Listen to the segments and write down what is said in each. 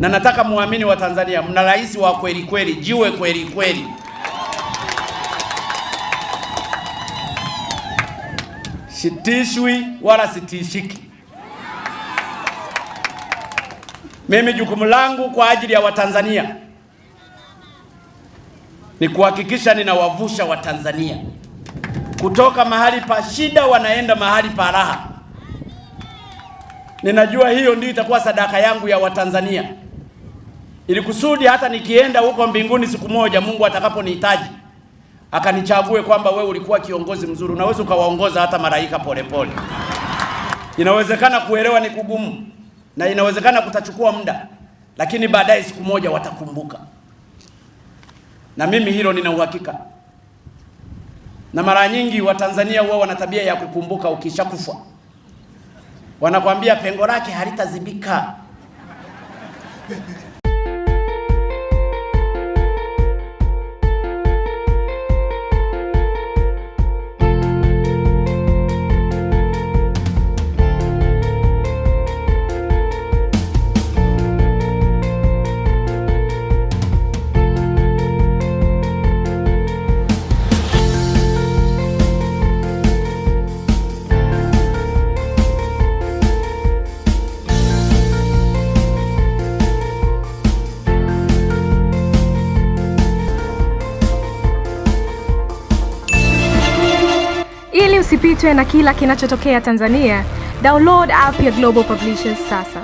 na nataka muamini wa Tanzania, mna rais wa kweli kweli, jiwe kweli kweli. Sitishwi wala sitishiki. Mimi jukumu langu kwa ajili ya Watanzania ni kuhakikisha ninawavusha Watanzania kutoka mahali pa shida wanaenda mahali pa raha. Ninajua hiyo ndio itakuwa sadaka yangu ya Watanzania ili kusudi hata nikienda huko mbinguni siku moja Mungu atakaponihitaji akanichague kwamba wewe ulikuwa kiongozi mzuri, unaweza ukawaongoza hata malaika polepole. Inawezekana kuelewa ni kugumu na inawezekana kutachukua muda, lakini baadaye siku moja watakumbuka, na mimi hilo nina uhakika. Na mara nyingi Watanzania huwa wana tabia ya kukumbuka ukishakufa, wanakwambia pengo lake halitazibika Ili usipitwe na kila kinachotokea Tanzania, download app ya Global Publishers sasa.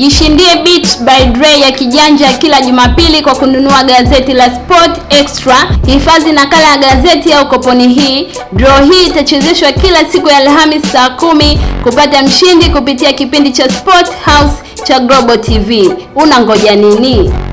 Jishindie Beat by Dre ya kijanja kila Jumapili kwa kununua gazeti la Sport Extra. Hifadhi nakala ya gazeti au koponi hii. Draw hii itachezeshwa kila siku ya Alhamisi saa kumi kupata mshindi kupitia kipindi cha Sport House cha Global TV. Unangoja nini?